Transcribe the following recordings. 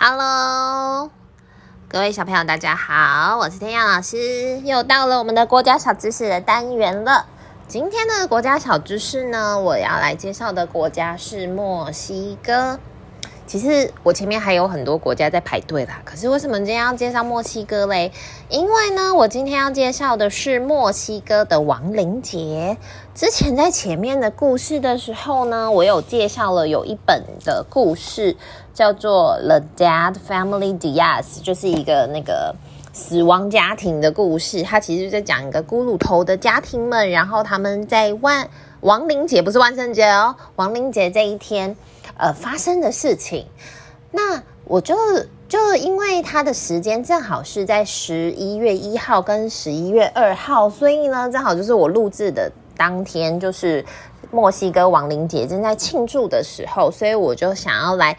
Hello，各位小朋友，大家好，我是天耀老師，又到了我們的國家小知識的單元了。今天的國家小知識呢，我要來介紹的國家是墨西哥。其實我前面還有很多國家在排隊啦，可是為什麼今天要介紹墨西哥嘞？因為呢，我今天要介紹的是墨西哥的亡靈節。之前在前面的故事的時候呢，我有介紹了有一本的故事叫做《The Dead Family Diaz》，就是一個那個死亡家庭的故事。它其實就在講一個骷髏頭的家庭們，然後他們在萬。亡靈節不是萬聖節哦，亡靈節這一天，呃，發生的事情，那我就就因為它的時間正好是在十一月一號跟十一月二號，所以呢，正好就是我錄製的當天，就是墨西哥亡靈節正在慶祝的時候，所以我就想要來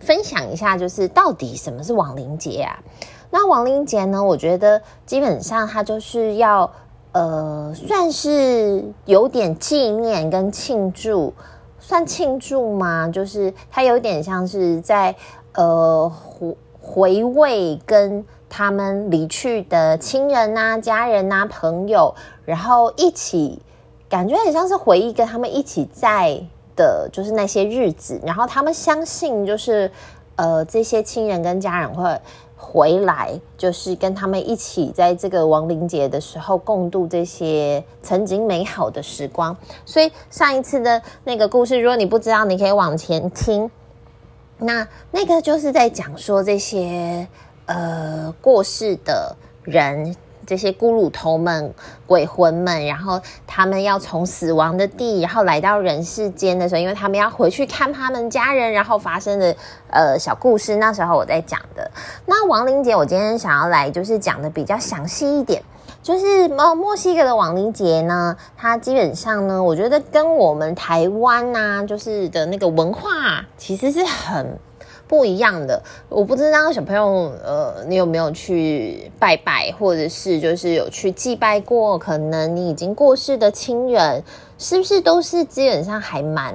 分享一下，就是到底什麼是亡靈節啊？那亡靈節呢，我覺得基本上它就是要。呃，算是有點紀念跟慶祝，算慶祝嗎？就是他有點像是在呃回回味跟他們離去的親人吶、啊、家人吶、啊、朋友，然後一起感覺很像是回憶跟他們一起在的，就是那些日子。然後他們相信，就是呃這些親人跟家人會。回來就是跟他們一起，在這個亡靈節的時候共度這些曾經美好的時光。所以上一次的那個故事，如果你不知道，你可以往前聽。那那個就是在講說這些呃過世的人。這些骷髏頭們、鬼魂們，然後他們要從死亡的地，然後來到人世間的時候，因為他們要回去看他們家人，然後發生的呃小故事。那時候我在講的那亡靈節，我今天想要來就是講的比較詳細一點，就是呃墨西哥的亡靈節呢，它基本上呢，我覺得跟我們台灣吶、啊，就是的那個文化其實是很。不一樣的，我不知道小朋友，呃，你有沒有去拜拜，或者是就是有去祭拜過？可能你已經過世的親人，是不是都是基本上還蠻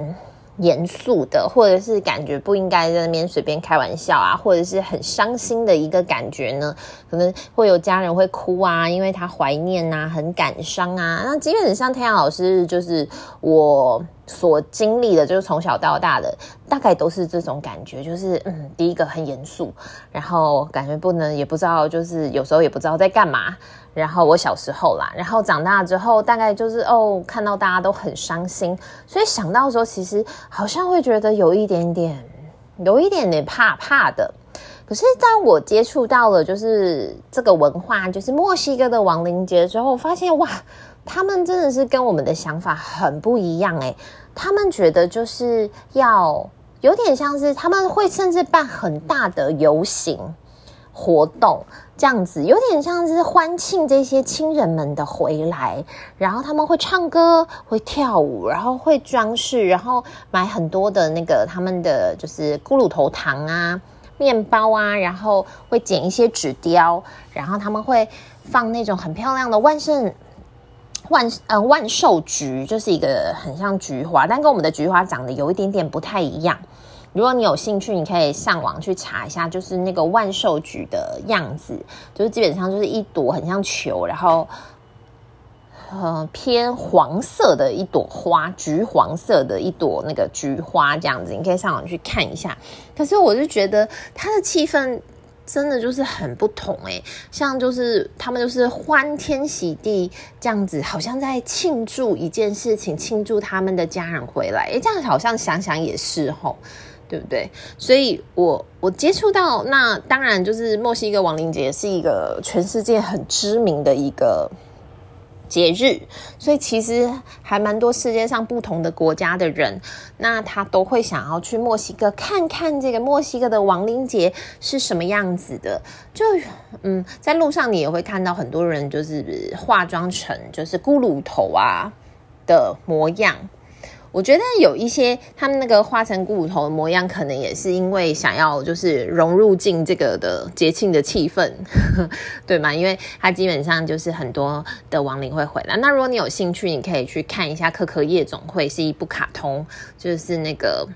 嚴肅的，或者是感覺不應該在那邊隨便開玩笑啊，或者是很傷心的一個感覺呢？可能會有家人會哭啊，因為他懷念啊，很感傷啊。那基本上，彈雅老師就是我。所經歷的，就是從小到大的大概都是這種感覺，就是嗯，第一個很嚴肅，然後感覺不能也不知道，就是有時候也不知道在幹嘛。然後我小時候啦，然後長大之後大概就是哦，看到大家都很傷心，所以想到的時候其實好像會覺得有一點點，有一點點怕怕的。可是當我接觸到了就是這個文化，就是墨西哥的亡靈節之後，發現哇。他們真的是跟我們的想法很不一樣哎、欸！他們覺得就是要有點像是他們會甚至辦很大的遊行活動這樣子，有點像是歡慶這些親人們的回來。然後他們會唱歌，會跳舞，然後會裝飾，然後買很多的那個他們的就是骷髏頭糖啊、麵包啊，然後會剪一些紙雕，然後他們會放那種很漂亮的萬聖。萬、呃、萬壽菊就是一個很像菊花，但跟我們的菊花長得有一點點不太一樣。如果你有興趣，你可以上網去查一下，就是那個萬壽菊的樣子，就是基本上就是一朵很像球，然後、呃、偏黃色的一朵花，橘黃色的一朵那個菊花這樣子，你可以上網去看一下。可是我就覺得它的氣氛。真的就是很不同誒、欸，像就是他們就是歡天喜地這樣子，好像在慶祝一件事情，慶祝他們的家人回來誒、欸，這樣好像想想也是哦，對不對？所以我，我我接觸到那當然就是墨西哥亡靈節，是一個全世界很知名的一個。節日，所以其實還蠻多世界上不同的國家的人，那他都會想要去墨西哥看看這個墨西哥的亡靈節是什麼樣子的。就嗯，在路上你也會看到很多人就是化妝成就是骷髏頭啊的模樣。我覺得有一些他們那個化成骷髏頭的模樣，可能也是因為想要就是融入進這個的節慶的氣氛， 對嗎？因為他基本上就是很多的亡靈會回來。那如果你有興趣，你可以去看一下《可可夜總會》是一部卡通，就是那個。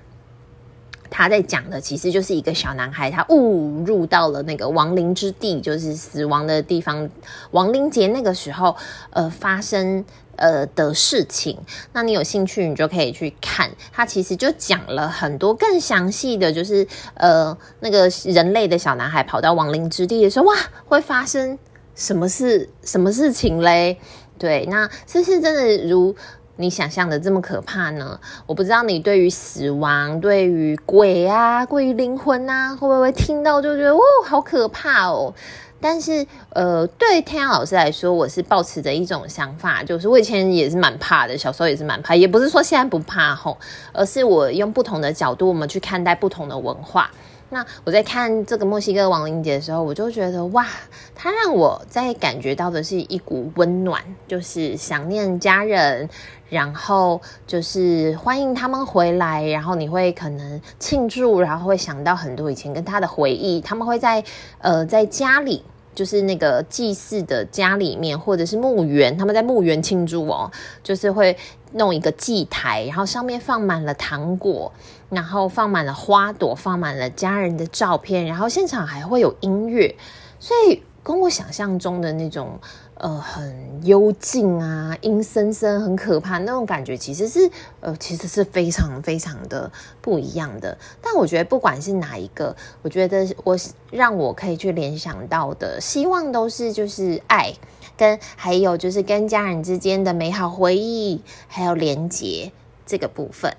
他在講的其實就是一個小男孩，他誤入到了那個亡靈之地，就是死亡的地方。亡靈節那個時候，呃，發生呃的事情，那你有興趣，你就可以去看。他其實就講了很多更詳細的就是，呃，那個人類的小男孩跑到亡靈之地的時候，哇，會發生什麼事、什麼事情嘞？對，那是不是真的如？你想象的這麼可怕呢？我不知道你對於死亡、對於鬼啊、對於靈魂啊，會不會聽到就覺得哇、哦，好可怕哦？但是，呃，對彈雅老師來說，我是抱持着一種想法，就是我以前也是蠻怕的，小時候也是蠻怕，也不是說現在不怕吼、呃，而是我用不同的角度，我們去看待不同的文化。那我在看這個墨西哥亡靈節的時候，我就覺得哇，他讓我在感覺到的是一股溫暖，就是想念家人，然後就是歡迎他們回來，然後你會可能慶祝，然後會想到很多以前跟他的回憶。他們會在呃在家裡，就是那個祭祀的家裡面，或者是墓園，他們在墓園慶祝哦，就是會。弄一個祭台，然後上面放滿了糖果，然後放滿了花朵，放滿了家人的照片，然後現場還會有音樂，所以跟我想象中的那種呃很幽靜啊、陰森森、很可怕那種感覺，其實是呃其實是非常非常的不一樣的。但我覺得不管是哪一個，我覺得我讓我可以去聯想到的，希望都是就是愛。跟還有就是跟家人之間的美好回憶，還有連結這個部分。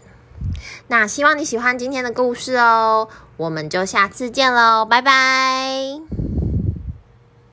那希望你喜歡今天的故事哦，我們就下次見嘍，拜拜。